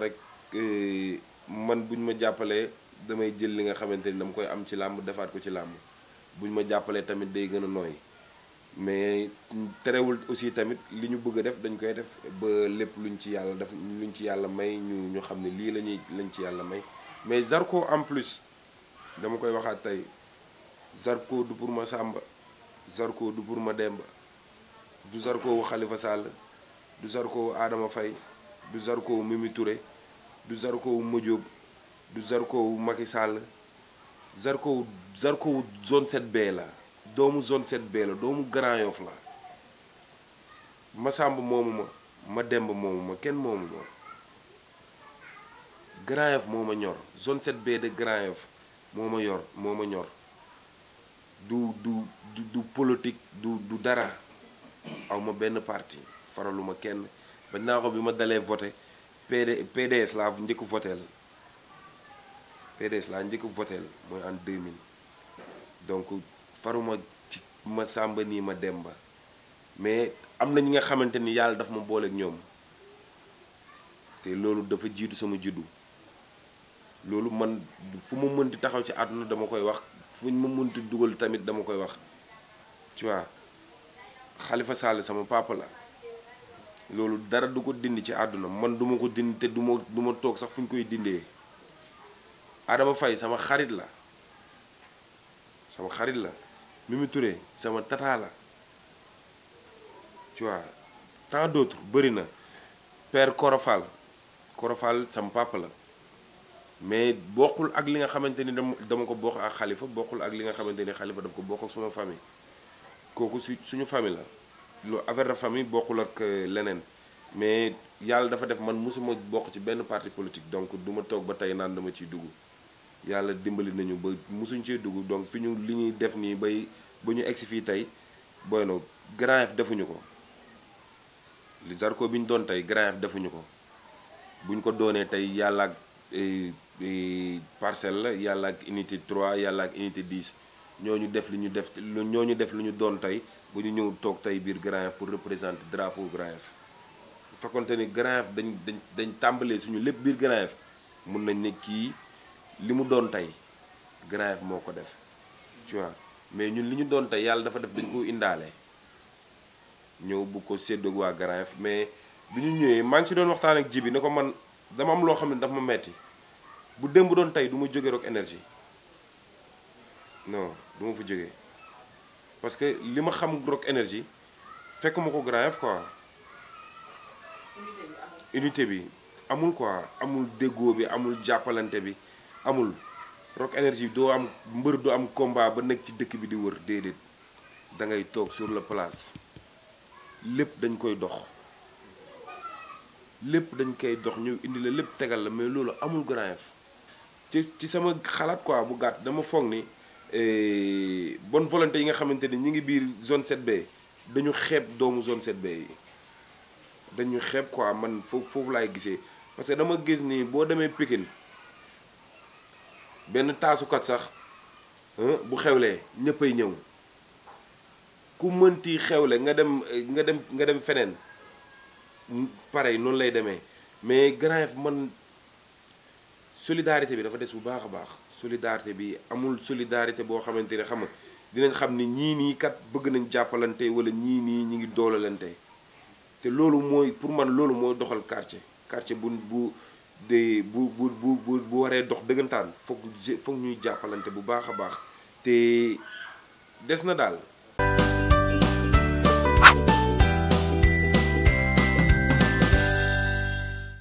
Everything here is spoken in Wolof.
rek euh, man buñ ma jàppalee damay jël li nga xamante ni dama koy am ci làmb defaat ko ci làmb buñ ma jàppalee tamit day gën a nooy mais terewul aussi tamit li ñu bëgg a def dañ koy def ba lépp luñ ci yàlla def luñ ci yàlla may ñu ñu xam ne lii la ñuy lañ ci yàlla may mais Zarko en plus dama koy waxaat tey Zarko du pour ma Samba Zarko du pour ma Demba du Zarko wu Khalifa sàll du Zarko wu Adama Faye du Zarko wu Mimi du Zarko wu Modiob du Zarko wu Macky Sall Zarko zone 7B la doomu zone 7B la doomu Grand la Masamba moomu ma ma demb moomu kenn moomu ma Grand ñor zone 7B de Grand Yoff yor moo ñor du du du du du dara aw benn parti faraluma kenn. naa ko bi ma dalee voté PD PDS laa njëkk voteel PDS laa njëkk voteel mooy en 2000 donc faruma ma sàmba nii ma demba mais am na ñi nga xamante ni yàlla daf ma booleeg ñoom te loolu dafa jiitu sama juddu loolu man fu ma mënti taxaw ci àdduna dama koy wax fuñ ma mënti dugal tamit dama koy wax tu xalifa Khalifa sama papa la. loolu dara du ko dindi ci àdduna man duma ko dind te du ma du toog sax fu ñu koy dindee Adama fay sama xarit la sama xarit la mi Mimi turee sama tata la tu vois tant d'autres bëri na père Korofal Korofal sama papa la mais bokkul ak li nga xamante ni dama ko bokk ak xalifa bokkul ak li nga xamante ni xalifa daf ko bokk ak suma famille kooku su suñu famille la lu affaire de famille bokkul ak euh, leneen mais yàlla dafa def man mosuma bokk ci benn parti politique donc duma toog ba tey naan dama ciy dugg yàlla dimbali nañu ba mosuñ cee dugg donc fi ñu li ñuy def nii bay ba ñu egsi fii tey booy na Grand Yoff defuñu ko li Zarko bi ñu doon tey Grand Yoff defuñu ko buñ ko doonee tey yàlla ak eh, eh, parcelle la yàlla ak unité 3 yàlla ak unité 10 ñoo ñu def lu ñu def ñoo ñu def lu ñu doon tey ba ñu ñëw toog tey biir Grand Yoff pour représenter drapeau Grand Yoff bu fekkonte ni Grand dañ dañ dañ tàmbalee suñu lépp biir Grand Yoff mun nañ ne kii li mu doon tey Grand Yoff moo ko def tu mais ñun li ñu doon tey yàlla dafa def dañ ko indaale ñëw bu ko séddoog waa Grand mais bi ñu ñëwee maa ngi si doon waxtaan ak ji bi ne ko man dama am loo xam ne dafa ma metti bu démb doon tey du ma jóge Rock Énergie non du ma fa jógee parce que li ma xam Rock Énergie fekkuma ko grave quoi unité bi amul quoi amul déggoo bi amul jàppalante bi amul Rock Énergie doo am mbër du am combat ba nekk ci dëkk bi di wër déedéet da ngay toog sur la place lépp dañ koy dox lépp dañ koy dox ñu indi la lépp tegal la mais loolu amul grave ci ci sama xalaat quoi bu gàtt dama foog ni Eh, bonne volonté yi nga xamante ni ñu ngi biir zone 7B dañu xeeb doomu zone 7B yi dañu xeeb quoi man foofu foofu laay gisee parce que dama gis nii boo demee Pikine benn taasukat sax bu xewlee ñëppay ñëw ku mënti xewle nga dem nga dem nga dem feneen pareil noonu lay demee mais Grand Yoff man solidarité bi dafa des bu baax a baax. solidarité bi amul solidarité boo xamante ne xam nga dinañ xam ni ñii nii kat bëgg nañ jàppalante wala ñii nii ñi ngi doolalante te loolu mooy pour man loolu mooy doxal kàrce quartier bu bu de bu bu bu bu waree dox dëggantaan foog foog ñuy jàppalante bu baax a baax te des na daal